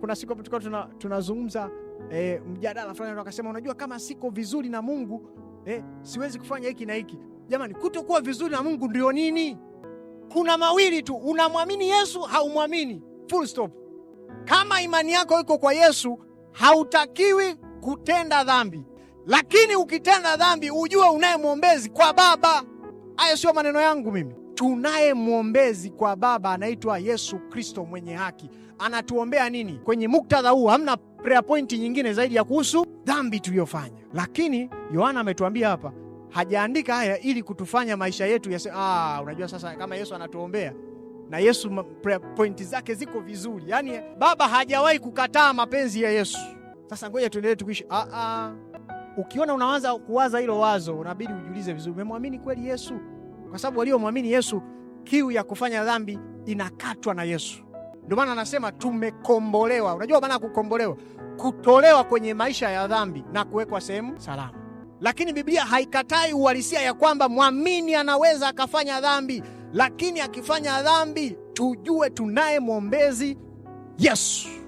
Kuna siku hapo tulikuwa tuna, tunazungumza eh, mjadala fulani, akasema unajua, kama siko vizuri na Mungu e, siwezi kufanya hiki na hiki. Jamani, kutokuwa vizuri na Mungu ndio nini? Kuna mawili tu, unamwamini Yesu, haumwamini full stop. Kama imani yako iko kwa Yesu, hautakiwi kutenda dhambi, lakini ukitenda dhambi ujue mwombezi kwa Baba. Haya sio maneno yangu mimi tunaye mwombezi kwa Baba anaitwa Yesu Kristo mwenye haki. Anatuombea nini? Kwenye muktadha huu hamna prayer point nyingine zaidi ya kuhusu dhambi tuliyofanya, lakini Yohana ametuambia hapa, hajaandika haya ili kutufanya maisha yetu yase, ah, unajua sasa kama Yesu anatuombea na Yesu prayer point zake ziko vizuri, yaani Baba hajawahi kukataa mapenzi ya Yesu. Sasa ngoja tuendelee tukuishi. Ah, ah. Ukiona unawaza kuwaza hilo wazo, unabidi ujiulize vizuri, umemwamini kweli Yesu? kwa sababu waliomwamini Yesu, kiu ya kufanya dhambi inakatwa na Yesu. Ndio maana anasema tumekombolewa. Unajua maana ya kukombolewa? Kutolewa kwenye maisha ya dhambi na kuwekwa sehemu salama. Lakini Biblia haikatai uhalisia ya kwamba mwamini anaweza akafanya dhambi, lakini akifanya dhambi tujue tunaye mwombezi Yesu.